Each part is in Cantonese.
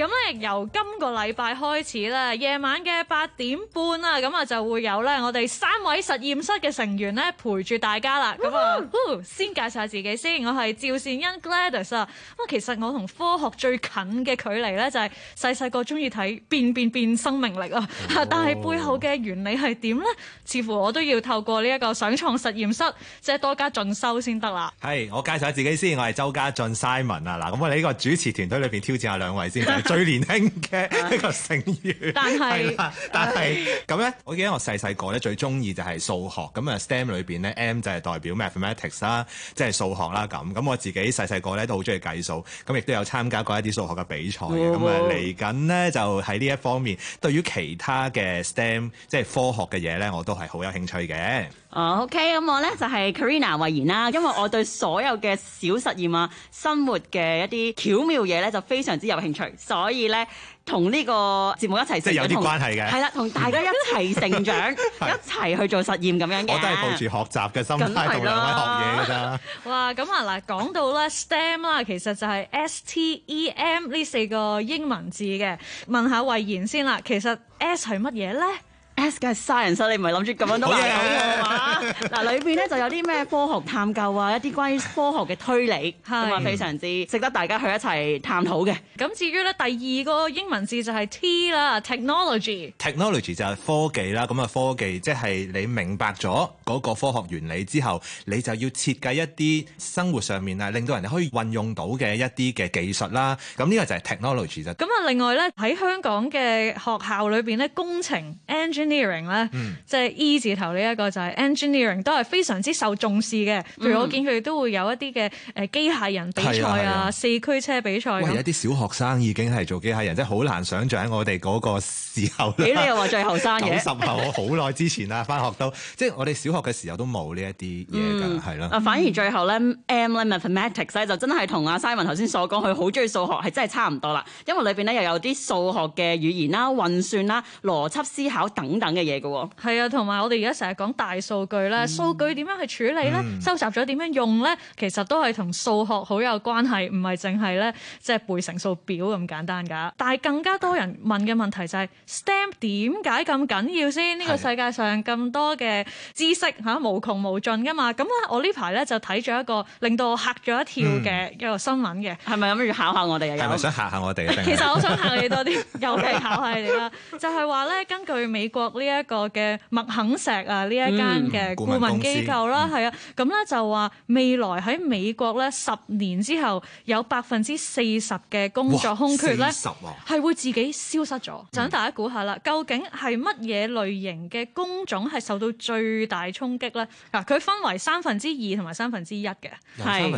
咁咧，由今個禮拜開始咧，夜晚嘅八點半啦，咁啊就會有咧，我哋三位實驗室嘅成員咧，陪住大家啦。咁啊，先介紹下自己先，我係趙善恩 Gladys 啊。咁其實我同科學最近嘅距離咧就係細細個中意睇變變變生命力啊，哦、但係背後嘅原理係點咧？似乎我都要透過呢一個想創實驗室，即係多加進修先得啦。係，我介紹下自己先，我係周家俊 Simon 啊。嗱，咁我哋呢個主持團隊裏邊挑戰下兩位先。 最年輕嘅一個成員是，係啦 了，但係咁咧。我記得我細細個咧最中意就係數學咁啊。STEM 裏邊咧，M 就係代表 mathematics 啦，即係數學啦。咁、就、咁、是、我自己細細個咧都好中意計數咁，亦都有參加過一啲數學嘅比賽嘅。咁啊，嚟緊呢就喺呢一方面，對於其他嘅 STEM 即係科學嘅嘢咧，我都係好有興趣嘅。哦、oh，OK，咁我咧就係、是、Karina 慧然啦，因為我對所有嘅小實驗啊、生活嘅一啲巧妙嘢咧，就非常之有興趣。所以咧，同呢個節目一齊即係有啲關係嘅，係啦和，同 大家一齊成長， 一齊去做實驗咁樣嘅。我都係抱住學習嘅心態，同兩位學嘢㗎咋。 哇，咁啊嗱，講到咧 STEM 啦，其實就係 S T E M 呢四個英文字嘅。問下慧賢先啦，其實 S 係乜嘢咧？S 嘅係 science，你唔係諗住咁樣都話有嘅嘛？嗱，裏邊咧就有啲咩科學探究啊，一啲關於科學嘅推理，係咪非常之值得大家去一齊探討嘅。咁至於咧第二個英文字就係 T 啦，technology。technology 就係科技啦，咁啊科技即係你明白咗嗰個科學原理之後，你就要設計一啲生活上面啊，令到人哋可以運用到嘅一啲嘅技術啦。咁呢個就係 technology 啫。咁啊另外咧喺香港嘅學校裏邊咧，工程 engine。engineering 咧，即係、嗯、E 字頭呢一個就係 engineering，都係非常之受重視嘅。譬如我見佢哋都會有一啲嘅誒機械人比賽、嗯、啊，四驅車比賽。喂，一啲小學生已經係做機械人，嗯、即係好難想象喺我哋嗰個時候。咦、欸，你又話最後生嘅？九十後，好耐之前啦，翻學都 即係我哋小學嘅時候都冇呢一啲嘢噶，係咯、嗯。啊，反而最後咧，M 咧，mathematics 咧就真係同阿 Simon 頭先所講，佢好中意數學，係真係差唔多啦。因為裏邊咧又有啲數學嘅語言啦、運算啦、邏輯思考等。等嘅嘢嘅喎，係啊，同埋我哋而家成日講大數據咧，數、嗯、據點樣去處理咧，嗯、收集咗點樣用咧，其實都係同數學好有關係，唔係淨係咧即係背乘數表咁簡單噶。但係更加多人問嘅問題就係 STEM 點解咁緊要先？呢、呢個世界上咁多嘅知識吓無窮無盡噶嘛？咁咧我呢排咧就睇咗一個令到我嚇咗一跳嘅一個新聞嘅，係咪咁要考下我哋啊？係咪想考下我哋啊？其實我想考你多啲，又係 考下你啦。就係話咧，根據美國。國呢一個嘅麥肯錫啊，呢一間嘅顧問機構啦，係、嗯嗯、啊，咁咧就話未來喺美國咧十年之後有百分之四十嘅工作空缺咧，係會自己消失咗。等、嗯、大家估下啦，究竟係乜嘢類型嘅工種係受到最大衝擊咧？嗱，佢分為三分之二同埋三分之一嘅，係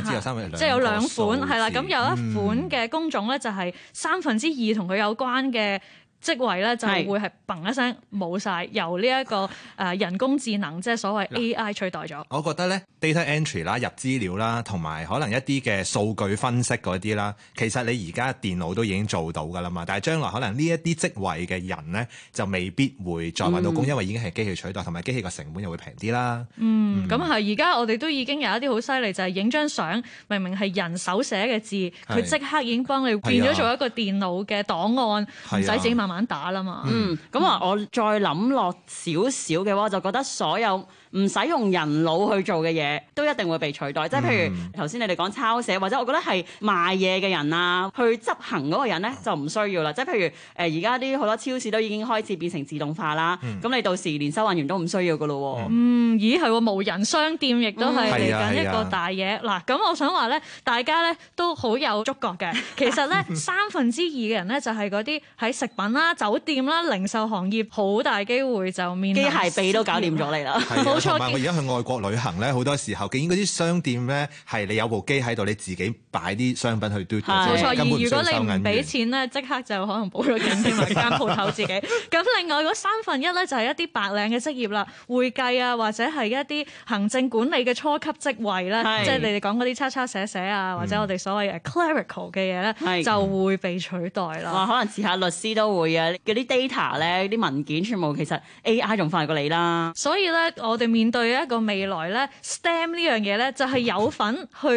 即係有兩款係啦。咁、嗯啊、有一款嘅工種咧就係三分之二同佢有關嘅職位咧就會係砰一聲冇晒。由呢一個誒人工智能即係所謂 AI 取代咗。我覺得咧 data entry 啦、入資料啦，同埋可能一啲嘅數據分析嗰啲啦，其實你而家電腦都已經做到㗎啦嘛。但係將來可能呢一啲職位嘅人咧，就未必會再揾到工，因為已經係機器取代，同埋機器個成本又會平啲啦。嗯，咁係而家我哋都已經有一啲好犀利，就係影張相，明明係人手寫嘅字，佢即刻已經幫你變咗做一個電腦嘅檔案，唔使自己慢慢。玩打啦嘛，嗯，咁、嗯、啊，我再諗落少少嘅話，我就覺得所有。唔使用,用人腦去做嘅嘢，都一定會被取代。即係譬如頭先你哋講抄寫，或者我覺得係賣嘢嘅人啊，去執行嗰個人咧就唔需要啦。即係譬如誒而家啲好多超市都已經開始變成自動化啦，咁、嗯、你到時連收銀員,員都唔需要噶咯喎。哦、嗯，咦係喎，無人商店亦都係嚟緊一個大嘢。嗱、嗯，咁我想話咧，大家咧都好有觸覺嘅。其實咧，三分之二嘅人咧就係嗰啲喺食品啦、 酒店啦、零售行業好大機會就面臨機械臂都搞掂咗你啦。 唔係，我而家去外國旅行咧，好多時候見嗰啲商店咧，係你有部機喺度，你自己擺啲商品去嘟，根本上收銀。冇錯，而如果你唔俾錢咧，即刻就可能補咗緊啲間鋪頭自己。咁另外嗰三分一咧，就係一啲白領嘅職業啦，會計啊，或者係一啲行政管理嘅初級職位咧，即係你哋講嗰啲抄抄寫寫啊，或者我哋所謂嘅 clerical 嘅嘢咧，就會被取代啦。哇，可能試下律師都會啊，嗰啲 data 咧，啲文件全部其實 AI 仲快過你啦。所以咧，我哋。面對一個未來咧，STEM 呢樣嘢咧，就係有份去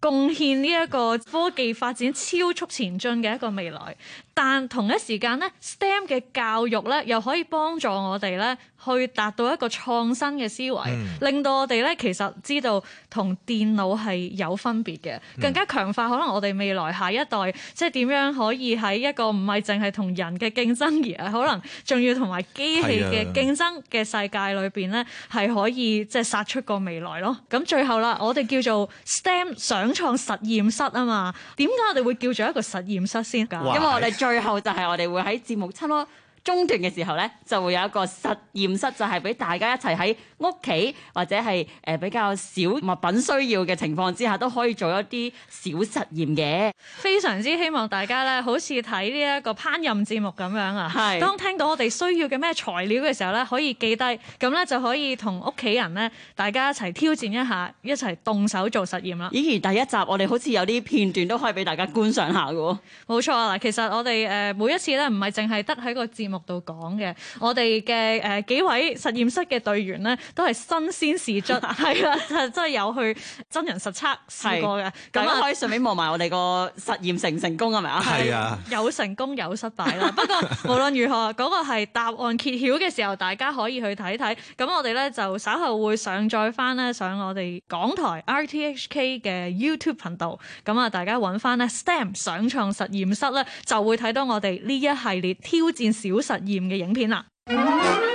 貢獻呢一個科技發展超速前進嘅一個未來。但同一時間咧，STEM 嘅教育咧，又可以幫助我哋咧，去達到一個創新嘅思維，嗯、令到我哋咧其實知道同電腦係有分別嘅，嗯、更加強化可能我哋未來下一代，即係點樣可以喺一個唔係淨係同人嘅競爭而，而係 可能仲要同埋機器嘅競爭嘅世界裏邊咧，係、啊、可以即係殺出個未來咯。咁最後啦，我哋叫做 STEM 想創實驗室啊嘛，點解我哋會叫做一個實驗室先㗎？哇因為我哋最後就係我哋會喺節目出咯。中段嘅時候咧，就會有一個實驗室，就係、是、俾大家一齊喺屋企或者係誒比較少物品需要嘅情況之下，都可以做一啲小實驗嘅。非常之希望大家咧，好似睇呢一個烹飪節目咁樣啊，係是當聽到我哋需要嘅咩材料嘅時候咧，可以記低，咁咧就可以同屋企人咧，大家一齊挑戰一下，一齊動手做實驗啦。而第一集我哋好似有啲片段都可以俾大家觀賞下嘅。冇錯啊！嗱，其實我哋誒每一次咧，唔係淨係得喺個節目。目到講嘅，我哋嘅誒幾位實驗室嘅隊員呢，都係新鮮事出，係啦、 啊，真係有去真人實測試過嘅。咁啊是，家可以順便望埋我哋個實驗成唔成功係咪啊？係啊，有成功有失敗啦。不過無論如何，嗰 個係答案揭曉嘅時候，大家可以去睇睇。咁我哋咧就稍後會上載翻呢，上我哋港台 RTHK 嘅 YouTube 頻道。咁啊，大家揾翻呢 STEM 想創實驗室咧，就會睇到我哋呢一系列挑戰小實驗嘅影片啦。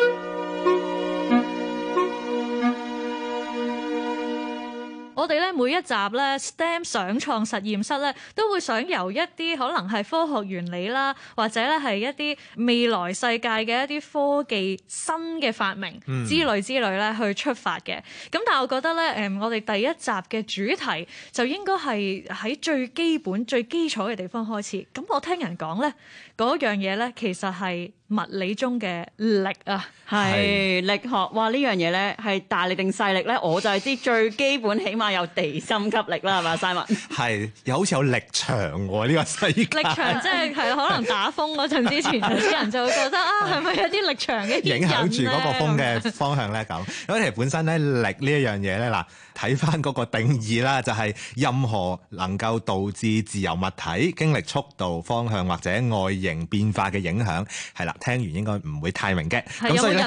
我哋咧每一集咧 STEM 想創實驗室咧，都會想由一啲可能係科學原理啦，或者咧係一啲未來世界嘅一啲科技新嘅發明之類之類咧去出發嘅。咁、嗯、但係我覺得咧，誒我哋第一集嘅主題就應該係喺最基本、最基礎嘅地方開始。咁我聽人講咧，嗰樣嘢咧其實係。物理中嘅力啊，係是力學，哇樣呢樣嘢咧係大力定細力咧，我就係知最基本起碼有地心吸力啦，係嘛，晒物係，又好似有力場喎、啊、呢、這個世界，力場即係係可能打風嗰陣之前，啲 人就會覺得啊，係咪有啲力場嘅影響住嗰個風嘅方向咧？咁嗰其實本身咧力呢一樣嘢咧嗱，睇翻嗰個定義啦，就係、是、任何能夠導致自由物體經歷速度、方向或者外形變化嘅影響，係啦。聽完應該唔會太明嘅，咁是所以係啦，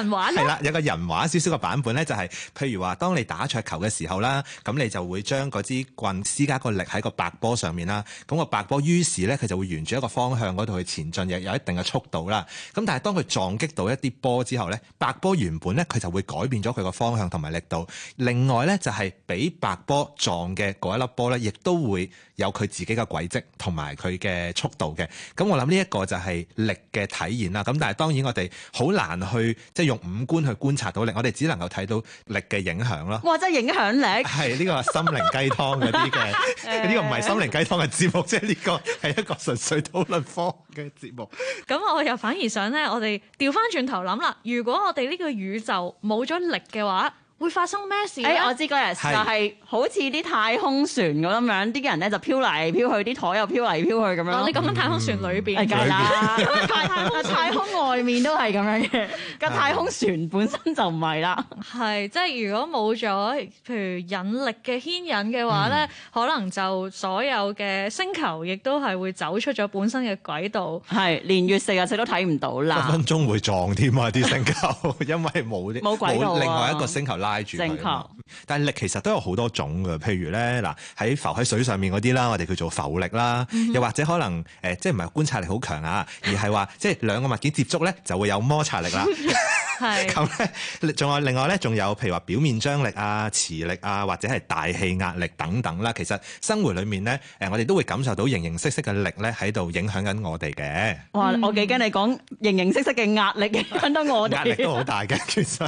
有個人玩少少個版本呢、就係，就係譬如話，當你打桌球嘅時候啦，咁你就會將嗰支棍施加個力喺個白波上面啦。咁、個白波於是呢，佢就會沿住一個方向嗰度去前進，有有一定嘅速度啦。咁但係當佢撞擊到一啲波之後呢，白波原本呢，佢就會改變咗佢個方向同埋力度。另外呢，就係、係、俾白波撞嘅嗰一粒波呢，亦都會有佢自己嘅軌跡同埋佢嘅速度嘅。咁我諗呢一個就係力嘅體現啦。咁但係當然，我哋好難去即係用五官去觀察到力，我哋只能夠睇到力嘅影響咯。或者係影響力，係呢、呢個心靈雞湯嘅呢 個，呢個唔係心靈雞湯嘅節目，即係呢個係一個純粹討論科嘅節目。咁、嗯、我又反而想咧，我哋調翻轉頭諗啦，如果我哋呢個宇宙冇咗力嘅話。會發生咩事？我知嗰日就係好似啲太空船咁樣，啲人咧就漂嚟漂去，啲枱又漂嚟漂去咁樣。你講緊太空船裏邊係啦，太空太空外面都係咁樣嘅，個太空船本身就唔係啦。係即係如果冇咗譬如引力嘅牽引嘅話咧，可能就所有嘅星球亦都係會走出咗本身嘅軌道。係連月食日食都睇唔到啦。分分鐘會撞添啊！啲星球因為冇啲冇軌道另外一個星球正確，但係力其實都有好多種㗎，譬如咧，嗱喺浮喺水上面嗰啲啦，我哋叫做浮力啦，嗯、哼又或者可能誒、呃，即係唔係觀察力好強啊，而係話 即係兩個物件接觸咧，就會有摩擦力啦。 係，咁咧是，仲有另外咧，仲有譬如話表面張力啊、磁力啊，或者係大氣壓力等等啦。其實生活裏面咧，誒，我哋都會感受到形形色色嘅力咧，喺度影響緊我哋嘅。嗯、哇！我幾驚你講形形色色嘅壓力影響到我哋。壓力都好大嘅， 其實。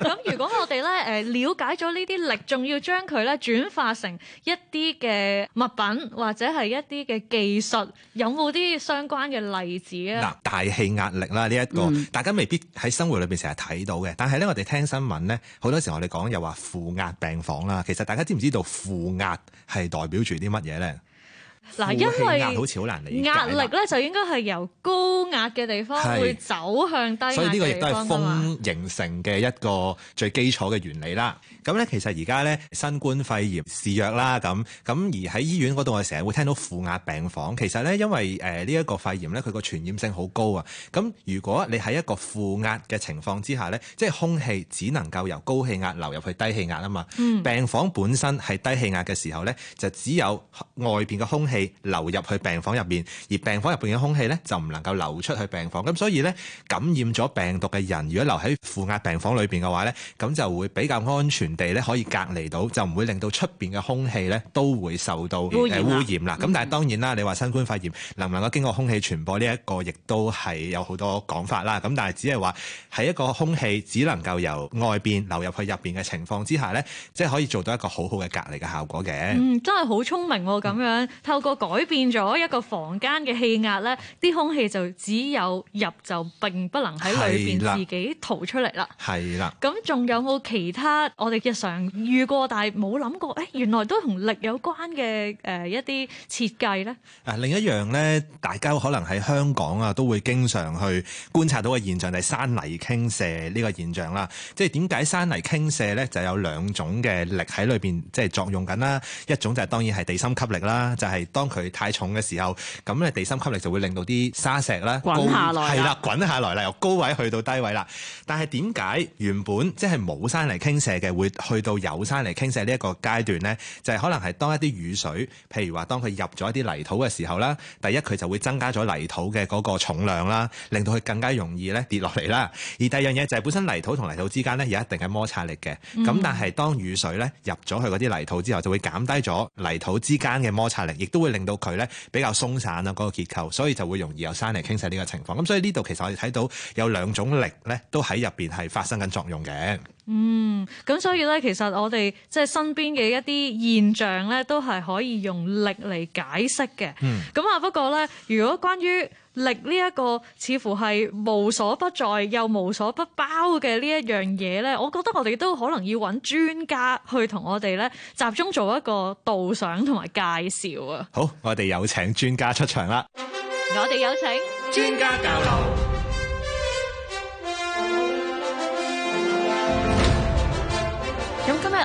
咁 如果我哋咧，誒，了解咗呢啲力，仲要將佢咧轉化成一啲嘅物品，或者係一啲嘅技術，有冇啲相關嘅例子啊？嗱，大氣壓力啦，呢一個、嗯、大家未必喺生活裏面成日睇到嘅，但係咧，我哋聽新聞咧，好多時候我哋講又話負壓病房啦。其實大家知唔知道負壓係代表住啲乜嘢咧？嗱，因為壓力咧就應該係由高壓嘅地方會走向低壓嘅地方，所以呢個亦都係風形成嘅一個最基礎嘅原理啦。咁咧、嗯、其實而家咧新冠肺炎肆虐啦，咁咁而喺醫院嗰度我哋成日會聽到負壓病房。其實咧因為誒呢一個肺炎咧佢個傳染性好高啊。咁如果你喺一個負壓嘅情況之下咧，即係空氣只能夠由高氣壓流入去低氣壓啊嘛。病房本身係低氣壓嘅時候咧，就只有外邊嘅空氣。流入去病房入面，而病房入邊嘅空氣呢，就唔能夠流出去病房，咁所以呢，感染咗病毒嘅人，如果留喺負壓病房裏邊嘅話呢，咁就會比較安全地呢，可以隔離到，就唔會令到出邊嘅空氣呢都會受到污染啦、啊。咁、呃、但係當然啦，你話新冠肺炎能唔能夠經過空氣傳播呢、這、一個，亦都係有好多講法啦。咁但係只係話喺一個空氣只能夠由外邊流入去入邊嘅情況之下呢，即、就、係、是、可以做到一個好好嘅隔離嘅效果嘅。嗯，真係好聰明咁、啊、樣、嗯、透過。我改變咗一個房間嘅氣壓，呢啲空氣就只有入就並不能喺裏邊自己逃出嚟啦。係啦。咁仲有冇其他我哋日常遇過但係冇諗過，誒原來都同力有關嘅誒一啲設計呢？誒，另一樣呢，大家可能喺香港啊都會經常去觀察到嘅現象就係山泥傾瀉呢個現象啦。即係點解山泥傾瀉呢？就有兩種嘅力喺裏邊即係作用緊啦。一種就係當然係地心吸力啦，就係。當佢太重嘅時候，咁咧地心吸力就會令到啲沙石咧滾，滾下來，係啦，滾下來啦，由高位去到低位啦。但係點解原本即係冇山泥傾瀉嘅，會去到有山泥傾瀉呢一個階段呢？就係、是、可能係當一啲雨水，譬如話當佢入咗一啲泥土嘅時候啦，第一佢就會增加咗泥土嘅嗰個重量啦，令到佢更加容易咧跌落嚟啦。而第二樣嘢就係、是、本身泥土同泥土之間咧有一定嘅摩擦力嘅，咁、嗯、但係當雨水咧入咗去嗰啲泥土之後，就會減低咗泥土之間嘅摩擦力，亦都。會令到佢咧比較鬆散啦，嗰個結構，所以就會容易有山泥傾瀉呢個情況。咁所,、嗯、所以呢度其實我哋睇到，有兩種力咧，都喺入邊係發生緊作用嘅。嗯，咁所以咧，其實我哋即係身邊嘅一啲現象咧，都係可以用力嚟，解釋嘅。嗯，咁啊，不過咧，如果關於力呢一個似乎係無所不在又無所不包嘅呢一樣嘢，呢我覺得我哋都可能要揾專家去同我哋呢集中做一個導賞同埋介紹啊！好，我哋有請專家出場啦！我哋有請專家教授。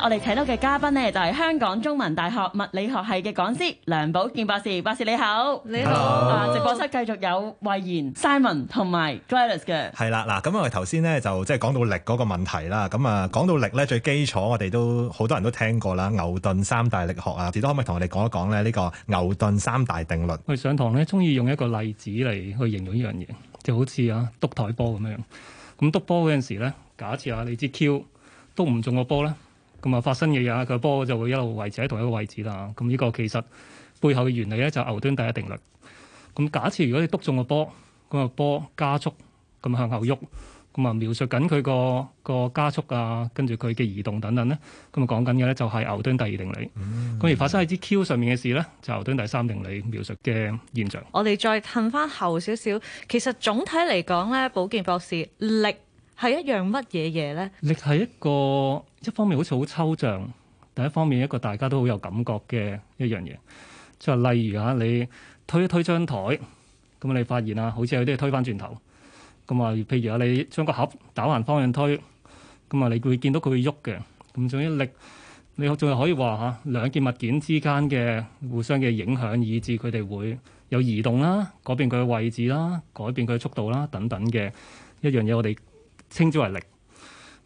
我哋睇到嘅嘉賓呢，就係香港中文大學物理學系嘅講師梁寶健博士。博士你好。你好。你好，直播室繼續有慧妍 Simon 同埋 Giles 嘅。係啦，嗱咁我哋頭先呢，就即係講到力嗰個問題啦。咁啊，講到力呢，最基礎我哋都好多人都聽過啦。牛頓三大力學啊，至多可唔可以同我哋講一講呢呢個牛頓三大定律？佢上堂呢，中意用一個例子嚟去形容呢樣嘢，就好似啊督台波咁樣。咁督波嗰陣時呢，假設啊你支 Q 篤唔中個波呢？同埋發生嘅嘢，佢個波就會一路維持喺同一個位置啦。咁呢個其實個背後嘅原理咧，就牛頓第一定律。咁假設如果你篤中個波，嗰個波加速，咁向後喐，咁啊描述緊佢個個加速啊，跟住佢嘅移動等等咧，咁啊講緊嘅咧就係牛頓第二定律。咁、嗯嗯、而發生喺支 Q 上面嘅事咧，就係、牛頓第三定律描述嘅現象。我哋再褪翻後少少，其實總體嚟講咧，保健博士力，係一樣乜嘢嘢咧？力係一個一方面好似好抽象，但一方面一個大家都好有感覺嘅一樣嘢。就例如嚇你推一推張台，咁你發現啊，好似有啲嘢推翻轉頭。咁啊，譬如啊，你將個盒打橫方向推，咁啊，你會見到佢會喐嘅。咁仲有力，你仲係可以話嚇兩件物件之間嘅互相嘅影響，以致佢哋會有移動啦，改變佢嘅位置啦，改變佢嘅速度啦，等等嘅一樣嘢。我哋稱之為力，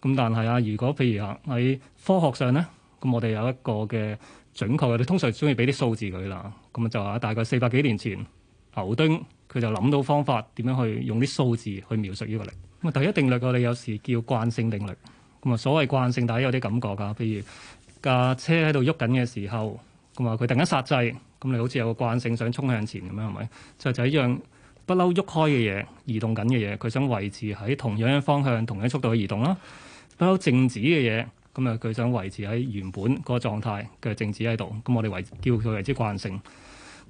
咁但係啊，如果譬如啊喺科學上咧，咁我哋有一個嘅準確嘅，你通常中意俾啲數字佢啦，咁就話大概四百幾年前牛頓佢就諗到方法點樣去用啲數字去描述呢個力。咁啊，第一定律我哋有時叫慣性定律，咁啊，所謂慣性大家有啲感覺㗎，譬如架車喺度喐緊嘅時候，咁啊佢突然間剎掣，咁你好似有個慣性想衝向前咁樣係咪？就就係一樣。不嬲喐開嘅嘢，移動緊嘅嘢，佢想維持喺同樣嘅方向、同樣速度去移動啦。不嬲靜止嘅嘢，咁啊佢想維持喺原本個狀態嘅靜止喺度。咁我哋維叫佢為之慣性。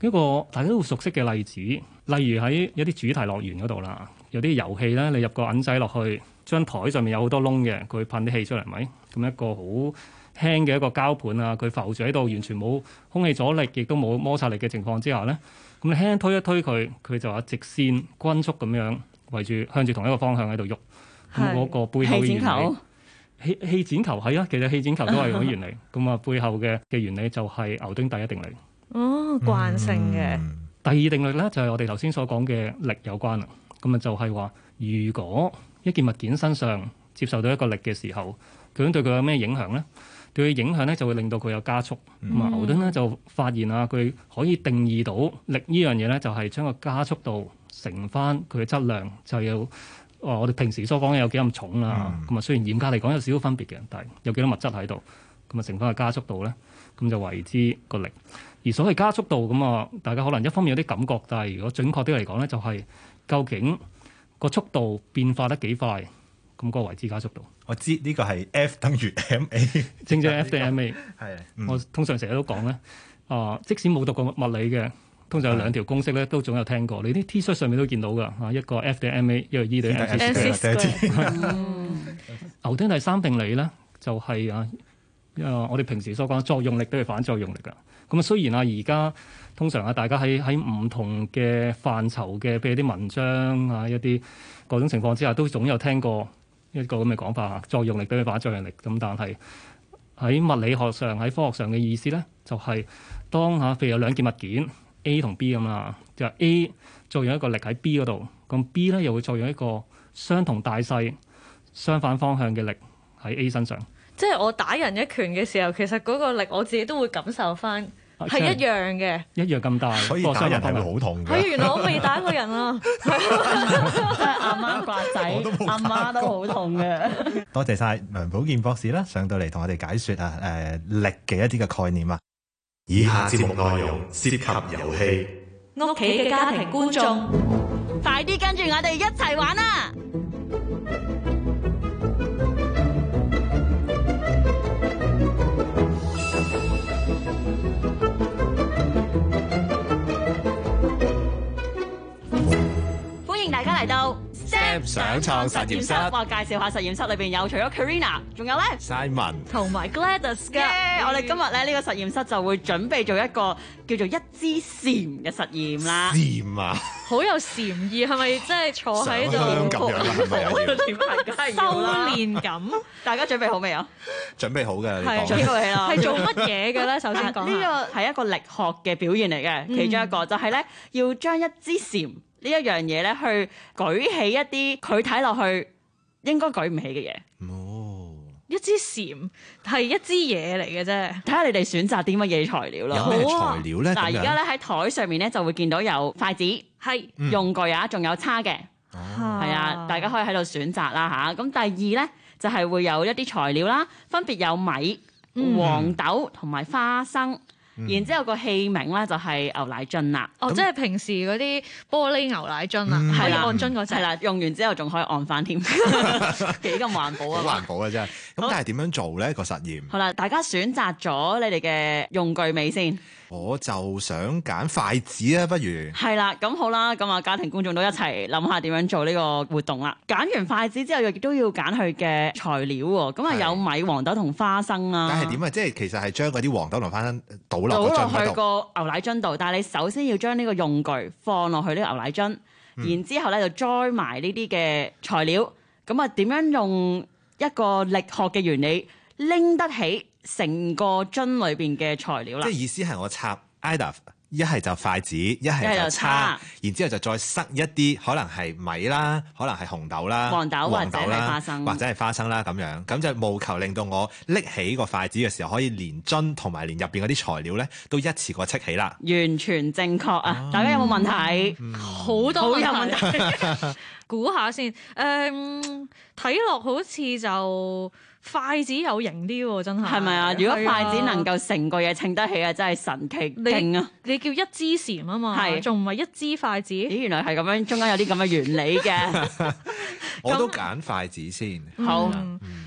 一個大家都熟悉嘅例子，例如喺一啲主題樂園嗰度啦，有啲遊戲咧，你入個銀仔落去，張台上面有好多窿嘅，佢噴啲氣出嚟，咪咁一個好輕嘅一個膠盤啊，佢浮住喺度，完全冇空氣阻力，亦都冇摩擦力嘅情況之下咧。咁輕輕推一推佢，佢就話直線均速咁樣圍住向住同一個方向喺度喐。咁嗰是個背後嘅原理，氣氣墊球係啊，其實氣墊球都係咁嘅原理。咁啊、 嗯，背後嘅嘅原理就係牛頓第一定律。哦，慣性嘅。嗯、第二定律咧就係、是、我哋頭先所講嘅力有關啦。咁啊就係、是、話，如果一件物件身上接受到一個力嘅時候，究竟對佢有咩影響咧？對佢影響咧就會令到佢有加速。咁啊牛頓咧就發現啊，佢可以定義到力呢樣嘢咧，就係將個加速度乘翻佢嘅質量，就有啊、呃、我哋平時所講嘅有幾咁重啦、啊。咁啊、嗯、雖然嚴格嚟講有少少分別嘅，但係有幾多物質喺度，咁啊乘翻個加速度咧，咁就為之個力。而所謂加速度咁啊，大家可能一方面有啲感覺，但係如果準確啲嚟講咧，就係、是、究竟個速度變化得幾快？咁個為之加速度，我知呢個係 F 等於 ma，正正 F 等於 ma、 這個。係，我通常成日都講咧，嗯、啊，即使冇讀過物理嘅，通常有兩條公式咧，都總有聽過。你啲 T 恤上面都見到㗎，啊，一個 F 等於 ma，一個 E 等於 ma。A，於牛頓第三定理咧，就係、是、啊，因為我哋平時所講作用力都係反作用力㗎。咁啊，雖然啊，而家通常啊，大家喺喺唔同嘅範疇嘅，譬如啲文章啊，一啲各種情況之下，都總有聽過。一個咁嘅講法啊，作用力俾佢反作用力咁，但係喺物理學上喺科學上嘅意思咧，就係當下譬如有兩件物件 A 同 B 咁啦，就 A 作用一個力喺 B 嗰度，咁 B 咧又會作用一個相同大細、相反方向嘅力喺 A 身上。即係我打人一拳嘅時候，其實嗰個力我自己都會感受翻。係一樣嘅，一樣咁大，所以打人係會好痛嘅。佢 原來我未打過人啊！阿媽刮仔，阿 媽都好痛嘅。 多謝晒梁寶建博士啦，上到嚟同我哋解説啊，誒、呃、力嘅一啲嘅概念啊。以下節目內容涉及遊戲，屋企嘅家庭觀眾，觀眾快啲跟住我哋一齊玩啊！嚟到，Sam 想創實驗室，我介紹下實驗室裏邊有，除咗 Karina 仲有咧 Simon 同埋 Gladys 嘅。我哋今日咧呢個實驗室就會準備做一個叫做一枝禪嘅實驗啦。禪啊，好有禪意，係咪？即係坐喺度，修煉感。大家準備好未啊？準備好㗎。呢個係做乜嘢嘅咧？首先講呢個係一個力學嘅表現嚟嘅，其中一個就係咧要將一枝禪。呢一樣嘢咧，去舉起一啲佢睇落去應該舉唔起嘅嘢。哦、oh.，一枝禪係一支嘢嚟嘅啫。睇下你哋選擇啲乜嘢材料咯。有咩材料咧？嗱、啊，而家咧喺台上面咧就會見到有筷子、係、嗯、用具啊，仲有叉嘅。係啊，大家可以喺度選擇啦嚇。咁第二咧就係、是、會有一啲材料啦，分別有米、嗯、黃豆同埋花生。嗯、然之後個器皿咧就係牛奶樽啦，哦，那即係平時嗰啲玻璃牛奶樽啦，嗯、可以按樽嗰隻，係啦，用完之後仲可以按翻添，幾 咁環保啊！好 環保啊真係，咁麼但係點樣做咧好個實驗？好啦，大家選擇咗你哋嘅用具未先。我就想揀筷子啦，啊，不如係啦，咁好啦，咁啊，家庭觀眾都一齊諗下點樣做呢個活動啦。揀完筷子之後，亦都要揀佢嘅材料，咁啊有米、的黃豆同花生啦。但係點啊？即係其實係將嗰啲黃豆同花生倒落倒落去個牛奶樽度，但係你首先要將呢個用具放落去呢個牛奶樽，嗯、然之後咧就栽埋呢啲嘅材料。咁啊，點樣用一個力學嘅原理拎得起？成個樽裏邊嘅材料啦，即係意思係我插 ida，一係就筷子，一係就叉，然之後就再塞一啲可能係米啦，可能係紅豆啦，黃豆或者花生，或者係花生啦咁樣，咁就務求令到我拎起個筷子嘅時候可以連樽同埋連入邊嗰啲材料咧都一次過測起啦。完全正確啊！大家有冇問題？好多好有問題，估下先。誒，睇落好似就～筷子有型啲喎，真係係咪啊？如果筷子能夠成個嘢稱得起啊，真係神奇勁啊！你叫一支禪啊嘛，係仲唔係一支筷子？咦，原來係咁樣，中間有啲咁嘅原理嘅。我都揀筷子先。好，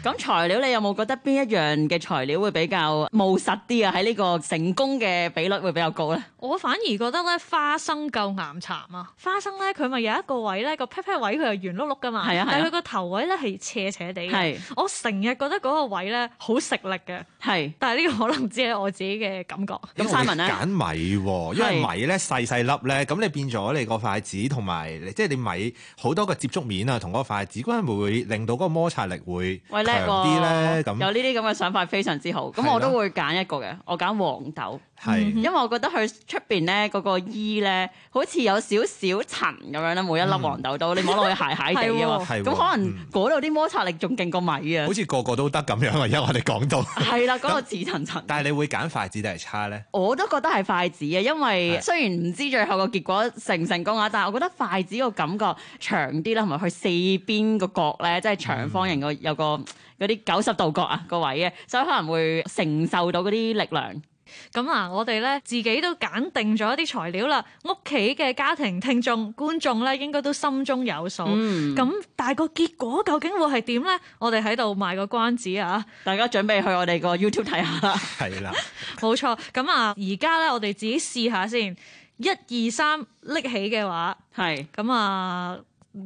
咁材料你有冇覺得邊一樣嘅材料會比較務實啲啊？喺呢個成功嘅比率會比較高咧？我反而覺得咧花生夠巖巉啊！花生咧，佢咪有一個位咧，個 pat pat 位佢係圓碌碌噶嘛。係啊，係，但佢個頭位咧係斜斜地。係。我成日。我覺得嗰個位咧好食力嘅，係，但係呢個可能只係我自己嘅感覺。咁 Simon 呢，你揀米，因為米咧細細粒咧，咁你變咗你個筷子同埋，即係你米好多個接觸面啊，同嗰個筷子，咁樣會令到嗰個摩擦力會強啲咧。咁有呢啲咁嘅想法非常之好。咁我都會揀一個嘅，我揀黃豆，係，因為我覺得佢出邊咧嗰個衣咧，好似有少少塵咁樣啦，每一粒黃豆都你摸落去鞋鞋哋嘅，咁可能嗰度啲摩擦力仲勁過米啊。好似個個。我都得咁樣，因為我哋講到係啦，講到似層層。那個、層層，但係你會揀筷子定係叉咧？我都覺得係筷子嘅，因為雖然唔知最後個結果成唔成功啊，的但係我覺得筷子個感覺長啲啦，同埋佢四邊個角咧，即係長方形個、嗯、有個嗰啲九十度角啊個位嘅，所以可能會承受到嗰啲力量。咁啊，我哋咧自己都揀定咗一啲材料啦，屋企嘅家庭聽眾觀眾咧應該都心中有數。咁、嗯、但係個結果究竟會係點咧？我哋喺度賣個關子啊！大家準備去我哋個 YouTube 睇下啦。係 啦 了，冇 錯。咁啊，而家咧我哋自己試下先，一二三，拎起嘅話，係咁是啊，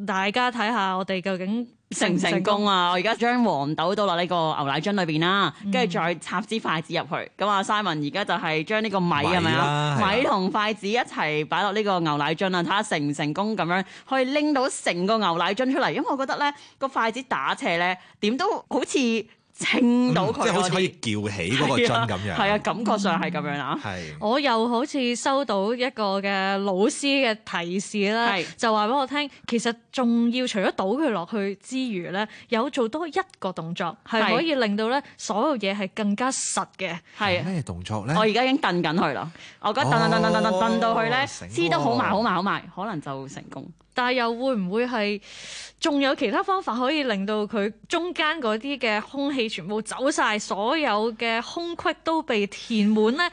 大家睇下我哋究竟。成唔成功啊？ 我而家將黃豆倒落呢個牛奶樽裏邊啦，跟住、嗯、再插支筷子入去。咁啊 Simon 而家就係將呢個米係咪啊？吧米同筷子一齊擺落呢個牛奶樽啊，睇下成唔成功咁樣去拎到成個牛奶樽出嚟。因為我覺得咧個筷子打斜咧，點都好似。稱到佢嗰個，即係好似可以撬起嗰個樽咁樣。係啊，感覺上係咁樣啊。係。我又好似收到一個嘅老師嘅提示啦，就話俾我聽，其實仲要除咗倒佢落去之餘咧，有做多一個動作係可以令到咧所有嘢係更加實嘅。係。咩動作咧？我而家已經掟緊佢啦。我覺得掟掟掟掟掟到佢咧，黐得好埋好埋好埋，可能就成功。但係又會唔會係仲有其他方法可以令到佢中間嗰啲嘅空氣全部走晒，所有嘅空隙都被填滿呢？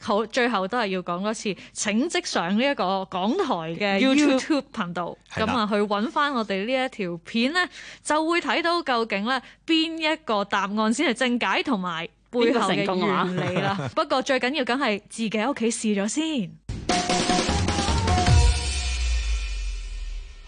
好，最後都係要講多次，請即上呢一個港台嘅 YouTube 頻道，咁啊的去揾翻我哋呢一條片呢，就會睇到究竟呢邊一個答案先係正解同埋背後嘅原理啦。啊、 不過最緊要梗係自己喺屋企試咗先。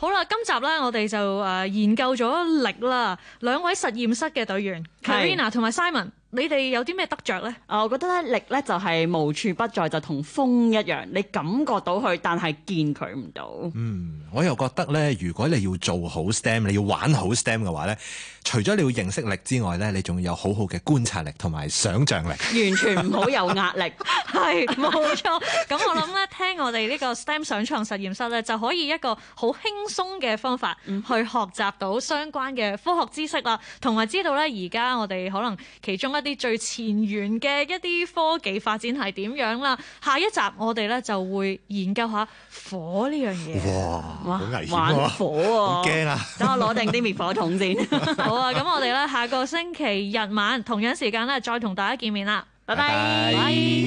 好啦，今集咧，我哋就誒研究咗力啦。兩位實驗室嘅隊員，Karina 同埋 Simon。是你哋有啲咩得着咧？我覺得咧，力咧，就係無處不在，就同風一樣，你感覺到佢，但係見佢唔到。嗯，我又覺得咧，如果你要做好 STEM，你要玩好 STEM 嘅話咧，除咗你要認識力之外咧，你仲要有好好嘅觀察力同埋想像力。完全唔好有壓力，係冇 錯。咁 我諗咧，聽我哋呢個 STEM 上場實驗室咧，就可以一個好輕鬆嘅方法去學習到相關嘅科學知識啦，同埋知道咧而家我哋可能其中一一啲最前沿嘅一啲科技發展係點樣啦？下一集我哋咧就會研究下火呢樣嘢。哇！好危險喎，玩火喎，驚啊！啊，等我攞定啲滅火筒先。 好啊，咁我哋咧下個星期日晚同樣時間咧再同大家見面啦。拜拜 Bye bye.。